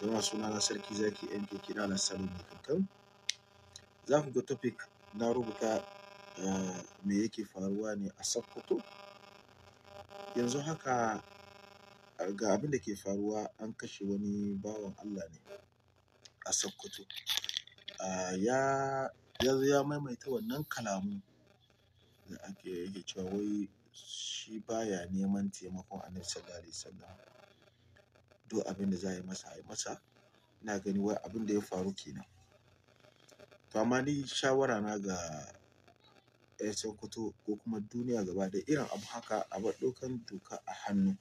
Zama suna na sarki zaki yan keke na salon mai kankan za ku ga topic na rubuta eh, me yake faruwa ne a sokoto yanzu haka eh, ga abin da ke faruwa an kashe wani bawan allah ne a sokoto ah, ya ya maimaita wannan kalamu da ake yake cewa wai shi baya neman taimakon annabi sallallahu alaihi wasallam duk abin da za a yi masa a yi masa ina gani wai abin da ya faru kenan to amma ni shawara na ga yan sokoto ko kuma duniya gaba da irin abu haka a bar ɗaukan doka a hannu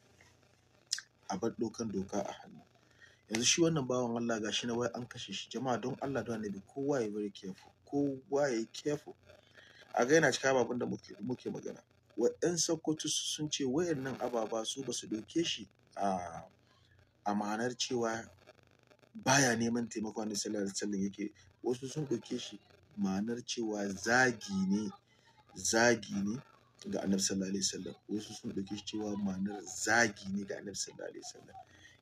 a bar ɗaukan doka a hannu yanzu shi wannan bawan Allah ga shi na wai an kashe shi jama'a don Allah don annabi kowa ya bari careful kowa ya a ga yana cika babun da muke magana wa'yan sokoto sun ce wayannan ababa su ba su doke shi a a ma'anar cewa baya neman taimako wanda sallar alaihi yake wasu sun ɗauke shi ma'anar cewa zagi ne zagi ne ga annabi sallallahu alaihi wasallam wasu sun ɗauke shi cewa ma'anar zagi ne ga annabi sallallahu alaihi wasallam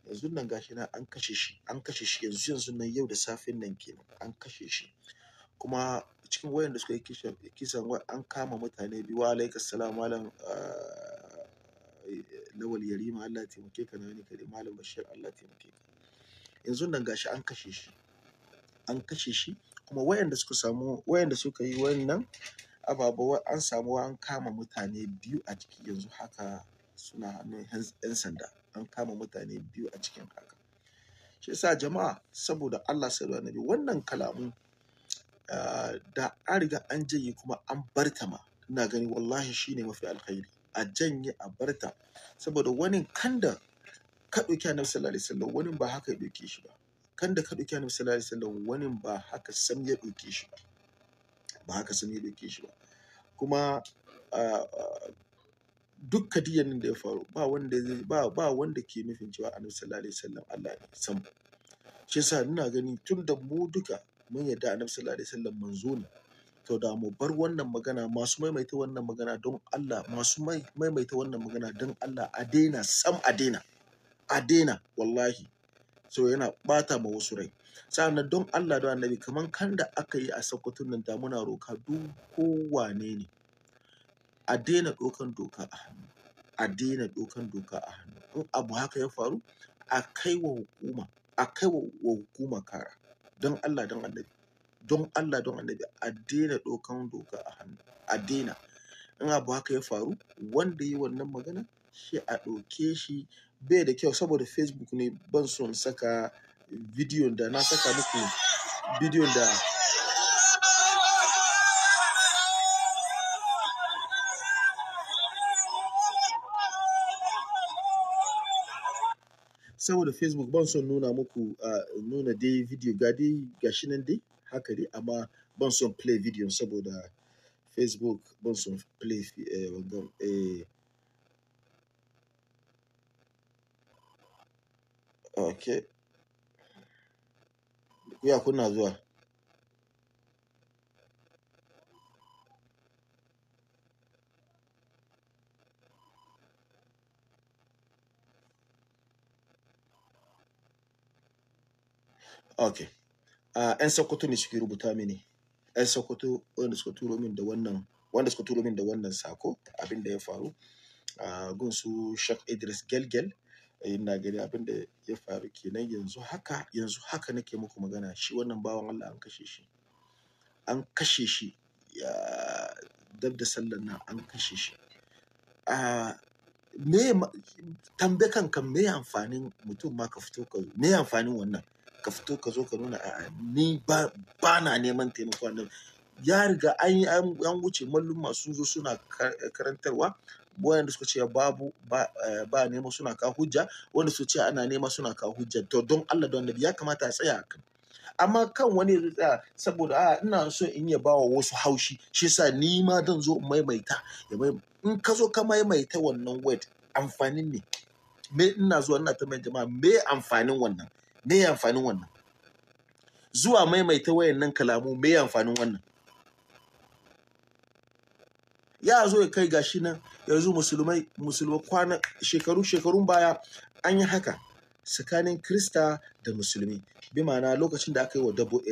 yanzu nan gashi nan an kashe shi an kashe shi yanzu yanzu nan yau da safin nan kenan an kashe shi kuma cikin wayanda suka yi kisan an kama mutane biyu wa alaika malam ah, lawal yarima Allah taimake ka nani kare malam bashir Allah taimake ka yanzu nan gashi an kashe shi an kashe shi kuma wayanda suka samu wayanda suka yi wannan ababa an samu an kama mutane biyu a ciki yanzu haka suna hannun yan sanda an kama mutane biyu a cikin haka shi yasa jama'a saboda Allah sallallahu alaihi wannan kalamu ah, da an riga an janye kuma an bartama ina gani wallahi shine mafi alkhairi a janye a barta saboda wani da ka ɗauki annabi sallallahu alaihi wasallam wani ba haka ya ɗauke shi ba da ka ɗauki annabi sallallahu alaihi wasallam wani ba haka sam ya ɗauke shi ba ba haka sam ya ɗauke shi ba kuma duk nan da ya faru ba wanda ba ba wanda ke nufin cewa annabi sallallahu alaihi wasallam Allah ne sam shi yasa ina gani tun da mu duka mun yarda annabi sallallahu alaihi wasallam manzo ne to da mu bar wannan magana masu maimaita wannan magana don Allah masu maimaita wannan magana don Allah a daina sam a daina a daina wallahi so yana bata ma wasu rai sa'annan don Allah da annabi kaman kan da aka yi a sakkwatun nan da muna roka duk kowane ne a daina dokan doka a hannu a daina dokan doka a hannu in abu haka ya faru a kai wa hukuma a kai wa hukuma kara don Allah don annabi don Allah don annabi a daina ɗaukan doka a hannu a daina in abu haka ya faru wanda yi wannan magana shi a ɗauke shi bai da kyau saboda facebook ne ban son saka bidiyon da na saka muku bidiyon da saboda facebook ban son nuna muku ah, nuna dai video ga dai gashi nan dai haka dai amma ban son play video saboda facebook ban son play eh, eh. ok ya kuna zuwa Okay. 'yan sokoto ne suke rubuta mini 'yan sokoto wanda suka turo min da wannan wanda suka turo min da wannan sako abin da ya faru a gun su shak Idris Gelgel eh, ina gani abin da ya faru kenan yanzu haka yanzu haka nake muku magana shi wannan bawan Allah an kashe shi an kashe shi dab da sallar nan an kashe shi me tambe kanka me amfanin mutum ma ka fito ka me amfanin wannan ka fito ka zo ka nuna a'a ni ba na neman taimako nan ya riga an yi an wuce mallum sun zo suna karantarwa wanda suka ce babu ba eh, nema suna ka hujja wanda suka ce ana nema suna ka hujja to don Allah don Annabi ya kamata a tsaya kan amma kan wani ya tsaya saboda a ina so in ya bawa wasu haushi shi yasa ni ma dan zo in maimaita in ka zo ka maimaita wannan word amfanin ne me ina zuwa ina ta jama'a me amfanin wannan me ya amfanin wannan zuwa maimaita wayannan kalamu me ya amfanin wannan ya zo ya kai gashi nan yanzu musulmai musulma kwana shekaru shekarun baya an yi haka tsakanin krista da musulmi bi ma'ana lokacin da aka yi wa dabura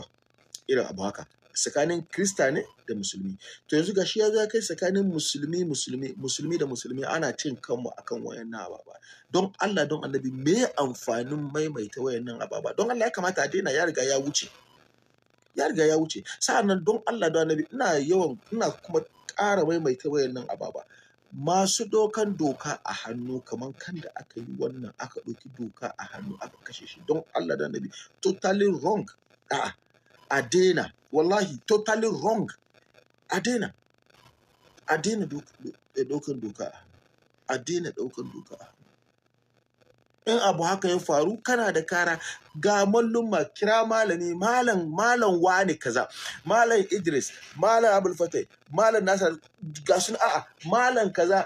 eh, eh, irin abu haka tsakanin krista ne da musulmi to yanzu gashi ya za kai tsakanin musulmi musulmi musulmi da musulmi ana cin kanmu akan wayannan ababa don Allah don annabi me amfanin maimaita wayannan ababa don Allah ya kamata a daina ya riga ya wuce ya riga ya wuce sa'annan don Allah don annabi ina yawan ina kuma ƙara maimaita wayannan ababa masu dokan doka a hannu kamar kan da aka yi wannan aka ɗauki doka a hannu aka kashe shi don Allah da annabi totally wrong a'a a daina wallahi totally wrong a daina a ɗaukan doka adena daina doka in abu haka ya faru kana da kara ga mallumma kira malami malam malam wani kaza malam idris malam abul fatai malam nasar ga sun a'a malam kaza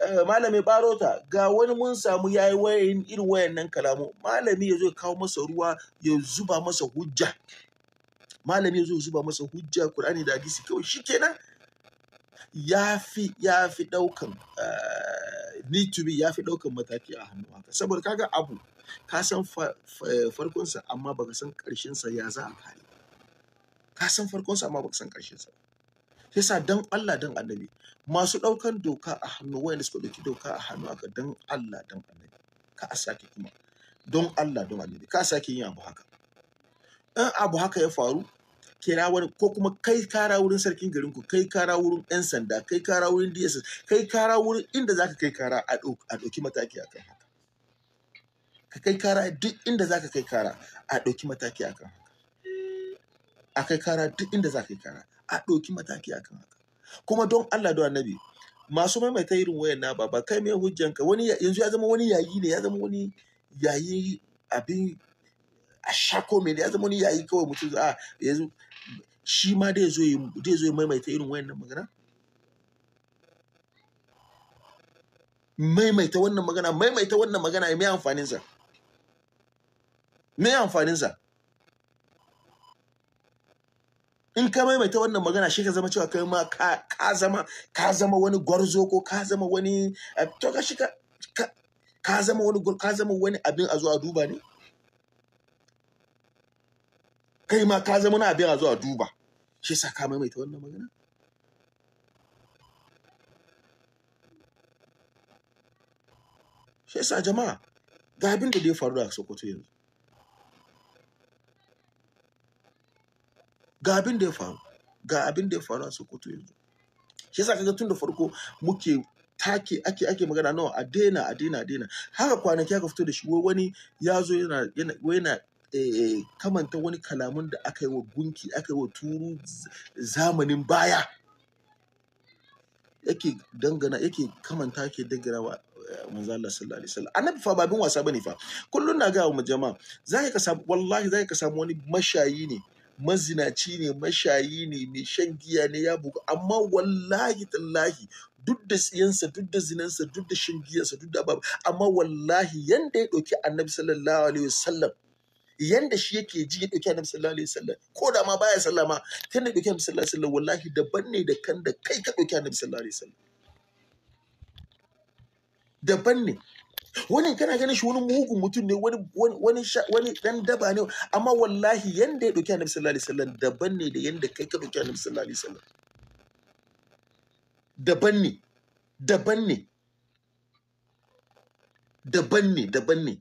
eh, malami barota ga wani mun samu yayi wayan irin wayannan kalamu malami ya zo kawo masa ruwa ya zuba masa hujja malami ya zo zuba masa hujja Qur'ani da hadisi kawai shikenan ya fi ya fi daukan eh, need to be ya fi daukan mataki a hannu haka saboda kaga abu ka san farkonsa amma baka san sa ya za a kare ka san farkonsa amma baka san sa. sai sa dan Allah dan annabi masu daukan doka a hannu wayanda suka dauki doka a hannu haka dan Allah dan annabi ka a kuma don Allah don annabi ka sake yin abu haka in abu haka ya faru kira wani ko kuma kai kara wurin sarkin garinku kai kara wurin 'yan sanda kai kara wurin dss kai kara wurin inda zaka kai kara a ɗauki mataki a kan haka ka kai kara duk inda zaka kai kara a ɗauki mataki a kan haka a kai kara duk inda zaka kai kara a ɗauki mataki a kan haka kuma don allah don annabi masu maimaita irin wayan na ba kai mai hujjanka wani yanzu ya zama wani yayi ne ya zama wani yayi abin a sha komai da ya zama wani yayi kawai mutum a yanzu shi ma dai zo ya maimaita irin wannan magana maimaita wannan magana maimaita wannan magana ya mai amfaninsa mai amfaninsa in ka maimaita wannan magana shi ka zama cewa kai ma ka zama ka zama wani gwarzo ko ka zama wani eh, to ka shi ka ka zama wani ka zama wani abin a zo a duba ne kai ma ka zama na abin a zuwa duba shi sa ka maimaita wannan magana shi sa jama'a ga abin da dai faru da sokoto yanzu ga abin da ya faru ga abin da ya faru a sokoto yanzu shi sa kaga tun da farko muke take ake ake magana nawa a daina a daina a daina haka kwanaki aka fito da shi wani ya zo yana yana Eh, kamanta wani kalamun da aka yi wa gunki aka yi wa turu zamanin baya yake dangana yake kamanta yake dangana wa eh, manzala sallallahu alaihi wasallam annabi fa babin wasa bane fa kullun na ga mu jama'a zai ka samu wallahi zai ka samu wani mashayi ne mazinaci ne mashayi ne ne shan giya ne ya bugu amma wallahi tallahi duk da tsiyansa duk da zinansa duk da shan giyarsa duk da babu amma wallahi yanda ya ɗauki annabi sallallahu alaihi wasallam yanda shi yake ji ya ɗauki annabi sallallahu alaihi wasallam ko da ma baya sallah ma kan da dauki annabi sallallahu alaihi wasallam wallahi daban ne da kan da kai ka ɗauki annabi sallallahu alaihi wasallam daban ne wani kana ganin shi wani mugun mutum ne wani wani wani dan daba ne amma wallahi yanda ya ɗauki annabi sallallahu alaihi wasallam daban ne da yanda kai ka ɗauki annabi sallallahu alaihi wasallam daban ne daban ne daban ne daban ne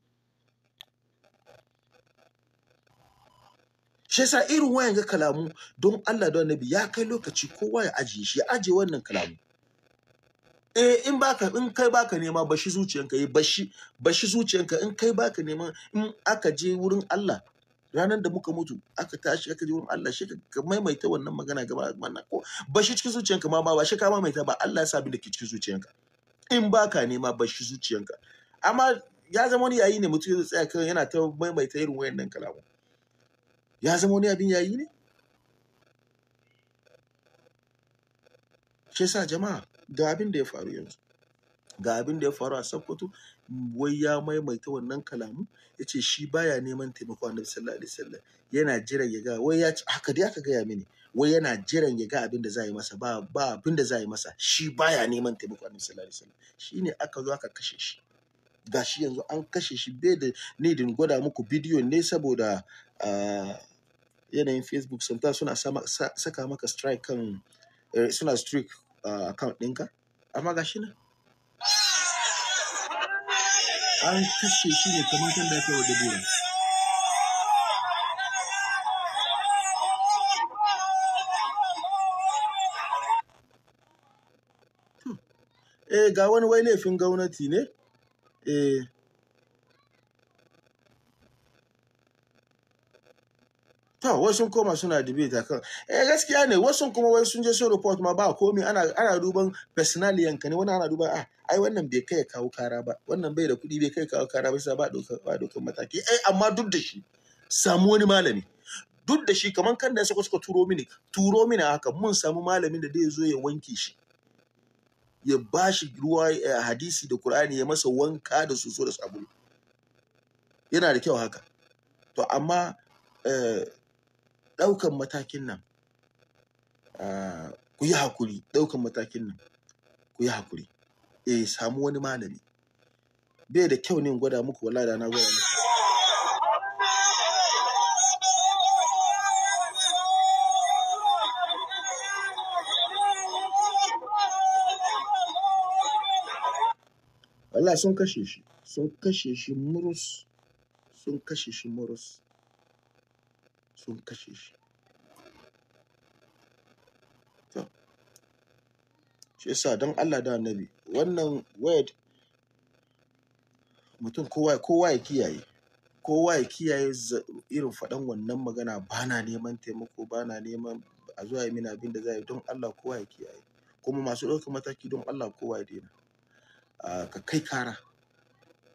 shi yasa irin wayan ga kalamu don Allah da Annabi ya kai lokaci kowa ya ajiye shi ya ajiye wannan kalamu eh in baka in kai baka nema bashi zuciyanka yi eh, bashi bashi zuciyanka in kai baka nema in aka je wurin Allah ranar da muka mutu aka tashi aka je wurin Allah shi ka maimaita wannan magana gaba wannan ko bashi cikin zuciyanka ma ba shi ka maimaita ba Allah ya sa abin da ke cikin zuciyanka in baka nema bashi zuciyanka amma ya zama wani yayi ne mutum ya tsaya kan yana ta maimaita irin wayannan kalamu ya zama wani abin yayi ne shi sa jama'a ga abin da ya faru yanzu ga abin da ya faru a Sokoto wai ya maimaita wannan kalamu ya ce shi baya neman taimako annabi sallallahu alaihi wasallam yana jiran ya ga wai ya ce haka dai aka gaya mini wai yana jiran ya ga abin da za yi masa ba ba abin da za yi masa shi baya neman taimako annabi sallallahu alaihi wasallam shine aka zo aka kashe shi Ga shi yanzu an kashe shi bai da ni din gwada muku bidiyo ne saboda ah, yanayin facebook sometimes suna saka maka strike kan eh, suna strike ah, account ɗinka amma gashi nan an kashe shi ne kamar kan da ya kawo eh ga wani wai laifin gwamnati ne eh To, wasu koma suna debate akan. Eh gaskiya ne, wasu kuma wai sun je sun report ma ba komai ana ana duban personaliyan yanka ne, wani ana duban ah ai wannan bai kai kawo kara ba, wannan bai da kuɗi bai kai kawo kara ba sai ba dokan ba dokan mataki. Eh amma duk da shi samu wani malami. Duk da shi kaman kan da suka suka turo mini, turo mini haka mun samu malamin da zai zo ya wanke shi. Ya bashi ruwa eh, hadisi da Qur'ani ya masa wanka da soso da sabulu. Yana da kyau haka. To amma eh, Ah, ɗaukan matakin nan ku yi hakuri ɗaukan matakin nan ku yi hakuri eh samu wani malami bai da kyau ne in gwada muku wallahi da na gwada muku Allah sun kashe shi sun kashe shi murus sun kashe shi murus sun kashe shi to shi yasa don Allah da annabi wannan wayar mutum kowa kowa ya kiyaye kowa ya kiyaye irin faɗan wannan magana ba na neman taimako ba na neman a zuwa yi mina abin da za yi don Allah kowa ya kiyaye kuma masu ɗaukar mataki don Allah kowa ya daina ah, ka kai kara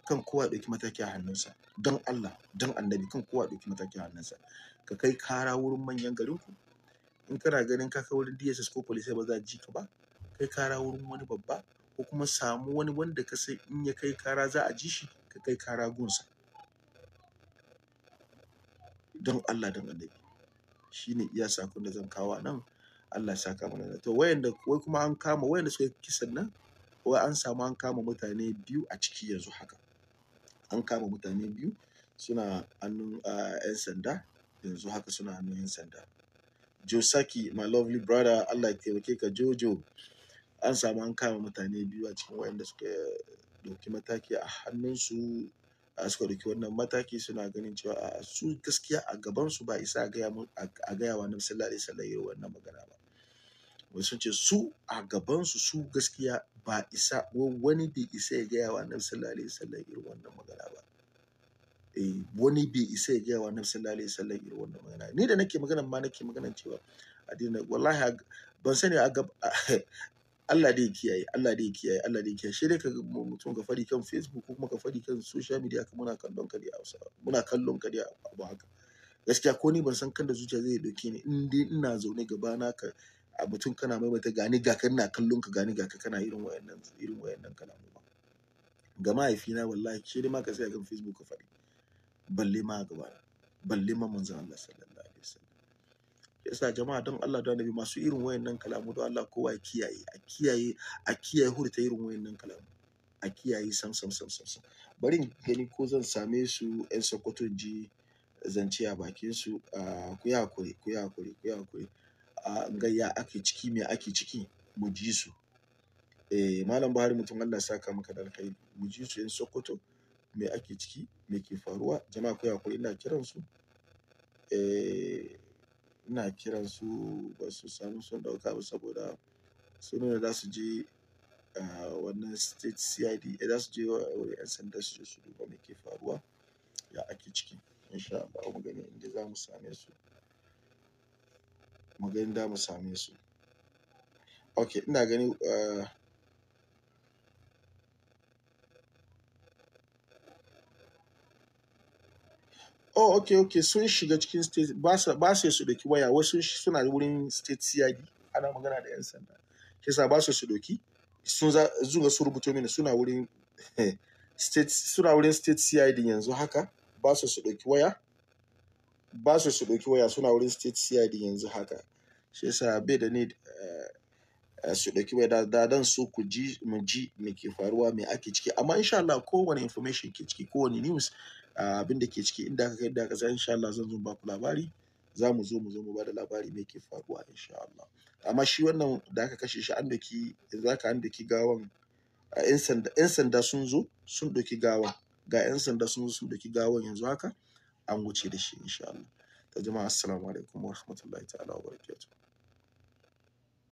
kan kowa ya ɗauki mataki a hannunsa don Allah don annabi kan kowa ɗauki matakin hannunsa ka kai kara wurin manyan garin ku in kana ganin ka kai wurin DSS ko police ba za a ji ka ba kai kara wurin wani babba ko kuma samu wani wanda ka sai in ya kai kara za a ji shi ka kai kara gunsa don Allah don annabi Shi ne iya sakon da zan kawo nan Allah ya saka mana to wayanda wai kuma an kama wayanda suka kisan nan wai an samu an kama mutane biyu a ciki yanzu haka an kama mutane biyu suna hannun yan ah, sanda yanzu haka suna hannun yan sanda josaki my lovely brother allah ya taimake ka jojo an samu an kama mutane biyu a cikin wayanda suka dauki mataki a hannunsu suka dauki wannan mataki suna ganin cewa a su gaskiya a gabansu ba isa a gaya wa na da alaihi wannan magana ba wasu ce su a gabansu su gaskiya ba isa wani bai isa ya gaya wa annabi sallallahu alaihi wasallam irin wannan magana ba eh wani bai isa ya gaya wa annabi sallallahu alaihi wasallam irin wannan magana ni da nake magana ma nake magana cewa addini wallahi ban sani a gab Allah dai kiyaye Allah dai kiyaye Allah dai kiyaye shi dai ka mutum ka fadi kan Facebook ko kuma ka fadi kan social media ka muna kallon ka dai a Hausa muna kallon ka dai abu haka gaskiya ko ni ban san kan da zuciya zai dauke ni in dai ina zaune gaba na ka a mutum kana mai mata gani ga kana kallon ka gani ga ka kana irin wayannan irin wayannan kana kalamu ba ga mahaifina wallahi ke ne ma ka sai kan facebook ka faɗi balle ma gaba balle ma manzo Allah sallallahu alaihi wasallam yasa jama'a don Allah da Annabi masu irin wayannan kalamu don Allah kowa ya kiyaye a kiyaye a kiyaye hurta irin wayannan kalamu a kiyaye sam sam sam sam sam bari gani ko zan same su yan Sokoto ji zance a bakin su ah, ku yi hakuri ku yi hakuri ku yi hakuri ga ya ake ciki me ake ciki mu ji su eh malam Buhari mutum Allah saka maka da alkhairi mu ji su in Sokoto me ake ciki me ke faruwa jama'a ko akwai ina kiran su eh ina kiran su ba su samu sun dauka ba saboda sun nuna za su je wannan state CID eh, za su je wurin yan sanda su je su duba me ke faruwa ya ake ciki insha Allah mu gani inda za mu same su mu ga inda mu same su ok ina gani uh, oh ok ok sun shiga cikin state ba su su doki waya wasu suna wurin state cid ana magana da yan sanda ke sa ba su su doki sun zuga su rubuto mini suna wurin state suna wurin state cid yanzu haka ba su su doki waya ba su su ɗauki waya suna wurin state cid yanzu haka shi yasa bai da need eh, eh, su ɗauki waya da dadan su ku ji mu ji me ke faruwa me ake ciki amma insha Allah kowane information ke ciki kowane news abin da ke ciki inda aka kai da aka san insha Allah zan zo ba ku labari za mu zo mu zo mu ba da labari me ke faruwa insha Allah amma shi wannan da aka kashe shi an doki za ka an doki gawan yan sanda sun zo sun doki gawa ga yan sanda sun zo sun doki gawan yanzu haka an wuce da shi insha Allah. Ta jama'a assalamu alaikum wa rahmatullahi ta'ala wa barakatuh.